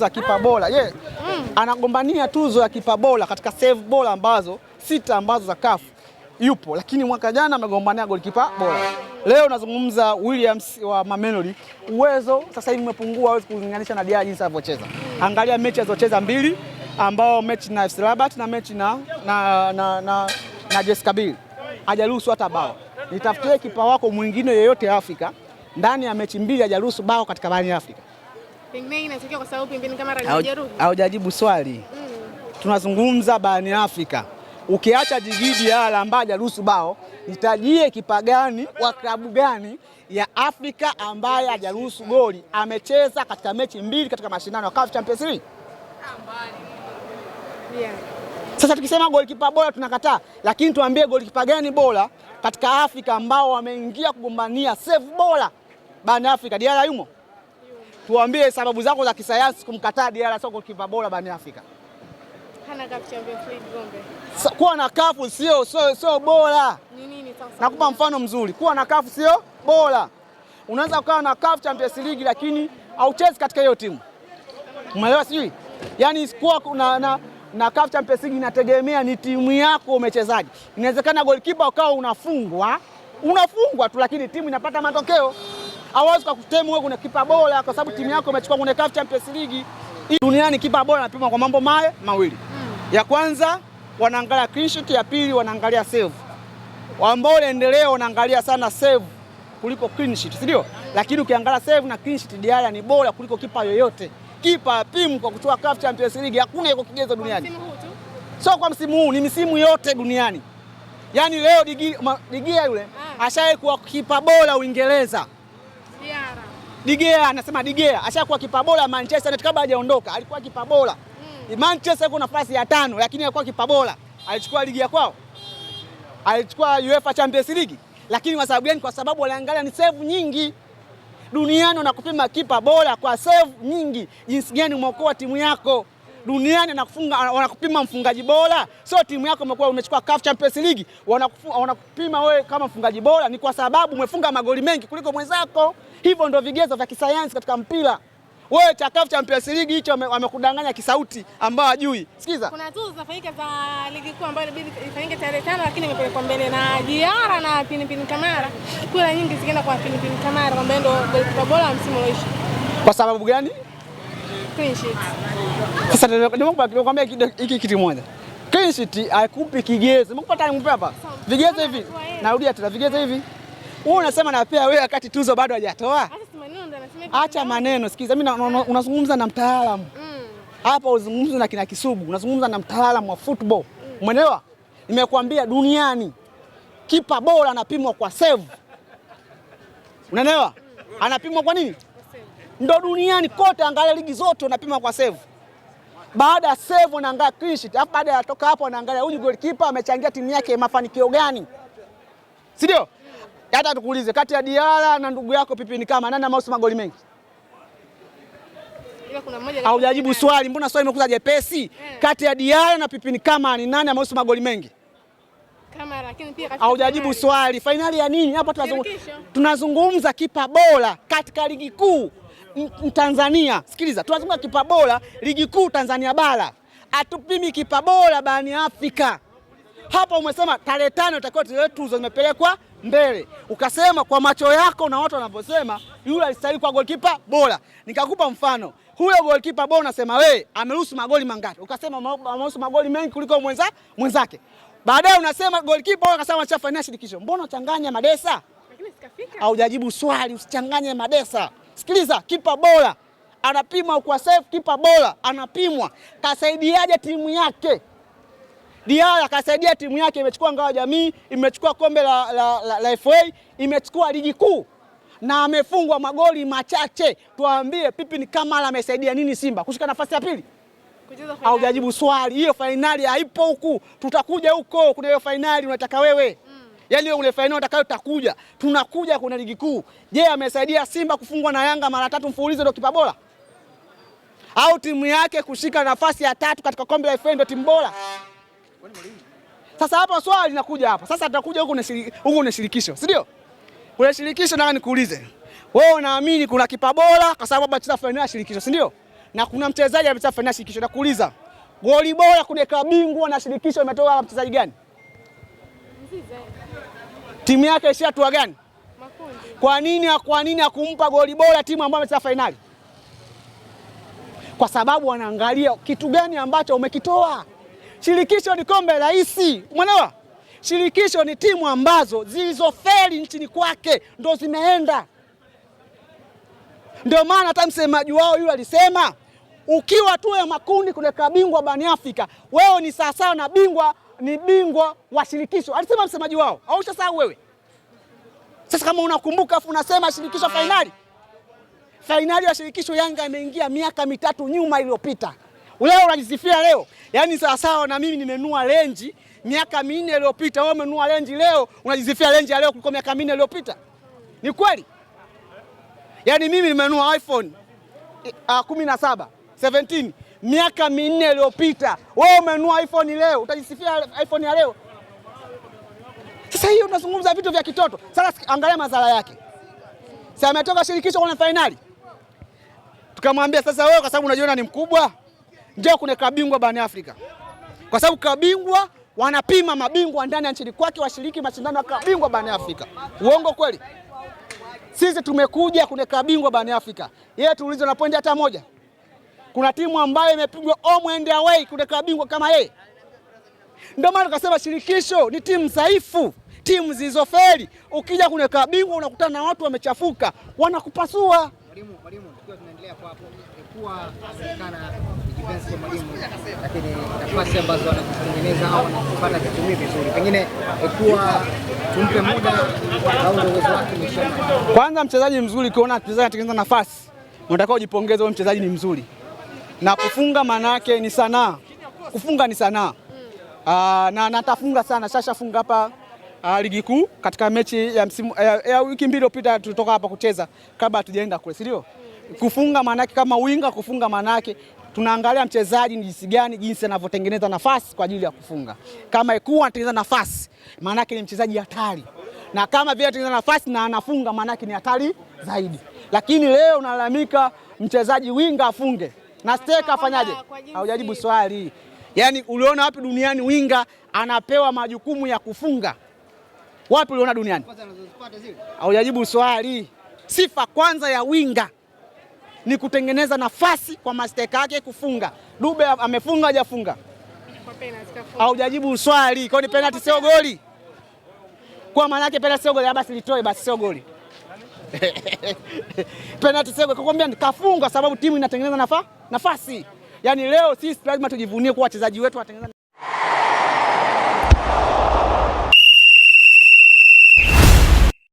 tuzo ya kipa bora ye yeah. mm. anagombania tuzo ya kipa bora katika save bora ambazo sita ambazo za kafu yupo, lakini mwaka jana amegombania golikipa bora. Leo nazungumza Williams wa Mamelodi, uwezo sasa hivi umepungua, hawezi kulinganisha na Diaz jinsi alivyocheza. Angalia mechi alizocheza mbili, ambao mechi na FC Rabat na mechi na, na, na, na, na Jessica Bill hajaruhusu hata bao. Nitafutie kipa wako mwingine yeyote Afrika ndani ya mechi mbili hajaruhusu bao katika barani Afrika. Pengine inatokea kwa sababu kama haujajibu haujajibu swali mm. Tunazungumza barani Afrika, ukiacha jigidi yala ambayo hajaruhusu bao, nitajie kipagani wa klabu gani ya Afrika ambaye hajaruhusu goli amecheza katika mechi mbili katika mashindano ya CAF Champions League? Yeah. Sasa tukisema golikipa bora tunakataa, lakini tuambie golikipa gani bora katika Afrika ambao wameingia kugombania save bora barani Afrika? Diara yumo? tuambie sababu zako za kisayansi kumkataa Diarra soko kipa bora barani Afrika. Hana kafu cha Gombe. Kuwa na kafu sio sio sio bora. Ni nini sasa? Nakupa mfano mzuri. Kuwa na kafu sio bora. Unaweza ukawa na CAF Champions League lakini hauchezi katika hiyo timu. Umeelewa sijui? Yaani kuwa na na na CAF Champions League inategemea ni timu yako umechezaji. Inawezekana goalkeeper ukawa unafungwa, unafungwa tu lakini timu inapata matokeo hawezi wewe kuna kipa bora, kwa sababu timu yako imechukua kuna CAF Champions League. Duniani kipa bora anapimwa kwa mambo maya mawili, hmm. ya kwanza wanaangalia clean sheet, ya pili wanaangalia save. Ambao unaendelea wanaangalia sana save kuliko clean sheet, si ndio? Lakini ukiangalia save na clean sheet, Diarra ni bora kuliko kipa yoyote. Kipa apimu kwa kuchukua CAF Champions League, hakuna iko kigezo duniani, sio kwa msimu huu, ni misimu yote duniani. Yaani leo digi, Digia yule ah. ashaye kuwa kipa bora Uingereza. Digea anasema Digea ashakuwa kipa bora Manchester United kabla hajaondoka, alikuwa kipa bora mm. Manchester iko nafasi ya tano, lakini alikuwa kipa bora. Alichukua ligi ya kwao, alichukua UEFA Champions League, lakini kwa sababu gani? Kwa sababu waliangalia ni save nyingi duniani, wanakupima kipa bora kwa save nyingi, jinsi gani umeokoa timu yako duniani anakufunga, wanakupima mfungaji bora. Sio timu yako imekuwa umechukua CAF Champions League, wanakupima wewe kama mfungaji bora ni kwa sababu umefunga magoli mengi kuliko mwenzako. Hivyo ndio vigezo vya kisayansi katika mpira. Wewe cha CAF Champions League hicho wamekudanganya kisauti, ambao hajui. Sikiza, kuna tuzo zinafanyika za ligi kuu ambayo ilibidi ifanyike tarehe tano, lakini imepelekwa mbele na Diara na Pinipini Kamara. Kura nyingi zikaenda kwa Pinipini Kamara kwamba ndio golikipa bora wa msimu uliisha. Kwa sababu gani? clean sheet. Sasa nimekuambia hiki kitu moja, Clean sheet haikupi kigezo. Hapa. Vigezo hivi. Narudia tena vigezo hivi. Wewe unasema napea wewe wakati tuzo bado hajatoa. Acha maneno, sikiza. Mimi unazungumza na mtaalamu. Mm. Hapa uzungumzi na kina Kisugu, unazungumza na mtaalamu wa football. Umeelewa? Nimekuambia duniani kipa bora anapimwa kwa save. Unaelewa? Anapimwa kwa nini? ndo duniani kote, angalia ligi zote unapima kwa save. Baada ya save unaangalia clean sheet, alafu baada ya toka hapo unaangalia huyu goalkeeper amechangia timu yake mafanikio gani, si ndio? Hata tukuulize kati ya Diara na ndugu yako Pipi ni kama nani amausi magoli mengi? Haujajibu swali, mbona swali imekuza jepesi? Eh. Kati ya Diara na Pipi ni kama ni nani amausi magoli mengi? Haujajibu swali. Fainali ya nini? hapo? tunazungumza kipa bora katika ligi kuu. Mtanzania, sikiliza, tunazungumza kipa bora ligi kuu Tanzania bara, atupimi kipa bora barani Afrika. Hapa umesema tarehe tano itakuwa zile tuzo zimepelekwa mbele, ukasema kwa macho yako na watu wanavyosema yule alistahili kwa golikipa bora. Nikakupa mfano, huyo golikipa bora unasema wewe ameruhusu magoli mangapi? Ukasema ameruhusu magoli mengi kuliko mwenza mwenzake. Baadaye unasema golikipa bora, akasema cha fanya shirikisho. Mbona unachanganya madesa? Lakini sikafika, Haujajibu swali, usichanganye madesa. Sikiliza, kipa bora anapimwa kwa safe, kipa bora anapimwa kasaidiaje timu yake. Diara kasaidia timu yake, imechukua ngao ya jamii, imechukua kombe la, la, la, la FA, imechukua ligi kuu na amefungwa magoli machache. tuambie pipi ni Kamara amesaidia nini Simba kushika nafasi ya pili? Haujajibu swali. Hiyo fainali haipo huku, tutakuja huko. Kuna hiyo fainali unataka wewe yani ule final utakayo takuja, tunakuja kuna ligi kuu. Je, amesaidia Simba kufungwa na Yanga mara tatu mfululizo ndio kipa bora? Au timu yake kushika nafasi ya tatu katika kombe la FA ndio timu bora? Sasa hapa swali linakuja hapa sasa, tutakuja huko huku huko shirikisho, si ndio? Kuna shirikisho, nataka nikuulize wewe, unaamini kuna kipa bora kwa sababu amecheza fainali ya shirikisho, si ndio? Na kuna mchezaji amecheza fainali ya shirikisho, nakuuliza goli bora kudeka bingwa na shirikisho imetoka mchezaji gani? Mzize timu yake ishia hatua gani? Kwa nini kwa nini akumpa goli bora timu ambayo amecheza fainali? Kwa sababu wanaangalia kitu gani ambacho umekitoa. Shirikisho ni kombe rahisi, umeelewa? Shirikisho ni timu ambazo zilizofeli nchini kwake ndo zimeenda. Ndio maana hata msemaji wao yule alisema ukiwa tu ya makundi kuna kabingwa bani Afrika, wewe ni sawasawa na bingwa ni bingwa wa shirikisho, alisema msemaji wao, au ushasahau wewe? Sasa kama unakumbuka afu unasema shirikisho eh. fainali, fainali ya shirikisho Yanga imeingia miaka mitatu nyuma iliyopita. Leo unajisifia leo, yaani sawasawa na mimi nimenua renji miaka minne iliyopita, wewe umenua renji leo, unajisifia renji ya leo kuliko miaka minne iliyopita. Ni kweli? Yaani mimi nimenua iPhone uh, 17 17 miaka minne iliyopita. Wewe umenua iPhone leo, utajisifia iPhone ya leo? Sasa hiyo unazungumza vitu vya kitoto. Sasa angalia madhara yake. Sasa ametoka shirikisho kwenye fainali, tukamwambia sasa, wewe kwa sababu unajiona ni mkubwa, njoo kuna kabingwa barani Afrika, kwa sababu kabingwa wanapima mabingwa ndani ya nchini kwake washiriki mashindano ya kabingwa barani Afrika. Uongo kweli? Sisi tumekuja kuna kabingwa barani Afrika, yeye tuulizwe na pointi hata moja. Kuna timu ambayo imepigwa home and away kuteka bingwa kama yeye. Ndio maana tukasema shirikisho ni timu dhaifu, timu zilizofeli. Ukija kuneka bingwa unakutana na watu wamechafuka, wanakupasua. Mwalimu, mwalimu, tukiwa tunaendelea kwa hapo, ilikuwa Amerikana defense kwa mwalimu, lakini nafasi ambazo anatengeneza au anapata kitumii vizuri, pengine ilikuwa tumpe muda au uwezo wake mshamba. Kwanza mchezaji mzuri, ukiona mchezaji anatengeneza nafasi, unatakiwa ujipongeze, wewe mchezaji ni mzuri na kufunga manake ni sanaa, kufunga ni sanaa mm. aa, ah, na natafunga sana, shashafunga hapa Uh, ligi kuu katika mechi ya msimu ya, ya wiki mbili iliyopita tulitoka hapa kucheza kabla hatujaenda kule, si ndio? Mm. Kufunga maana yake kama winga, kufunga maana yake tunaangalia mchezaji ni jinsi gani, jinsi anavyotengeneza nafasi kwa ajili ya kufunga. Kama ikuwa anatengeneza nafasi, maana yake ni mchezaji hatari, na kama vile anatengeneza nafasi na anafunga, maana yake ni hatari zaidi. Lakini leo unalalamika mchezaji winga afunge na steka afanyaje? Haujajibu swali. Yaani, uliona wapi duniani winga anapewa majukumu ya kufunga? Wapi uliona duniani? Haujajibu swali. Sifa kwanza ya winga ni kutengeneza nafasi kwa masteka yake kufunga. Dube amefunga hajafunga? Haujajibu swali. ni penalti sio goli? Kwa maana yake penalti sio goli, basi litoe basi, sio goli. Penalti sio goli. kwambia kafunga sababu timu inatengeneza nafasi nafasi. Yaani leo sisi lazima tujivunie kuwa wachezaji wetu watengeneza